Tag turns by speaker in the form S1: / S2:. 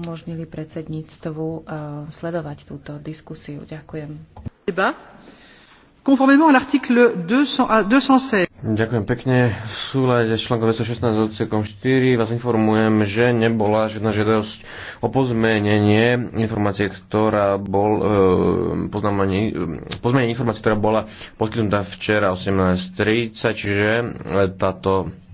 S1: umožnili predsedníctvu eh, sledovať túto diskusiu. Ďakujem.
S2: Ďakujem pekne. V súlade s článkom 216 odsekom 4 vás informujem, že nebola žiadna žiadosť o pozmenenie informácie, ktorá bol, eh, eh, pozmenenie informácie, ktorá bola poskytnutá včera 18.30, čiže
S3: táto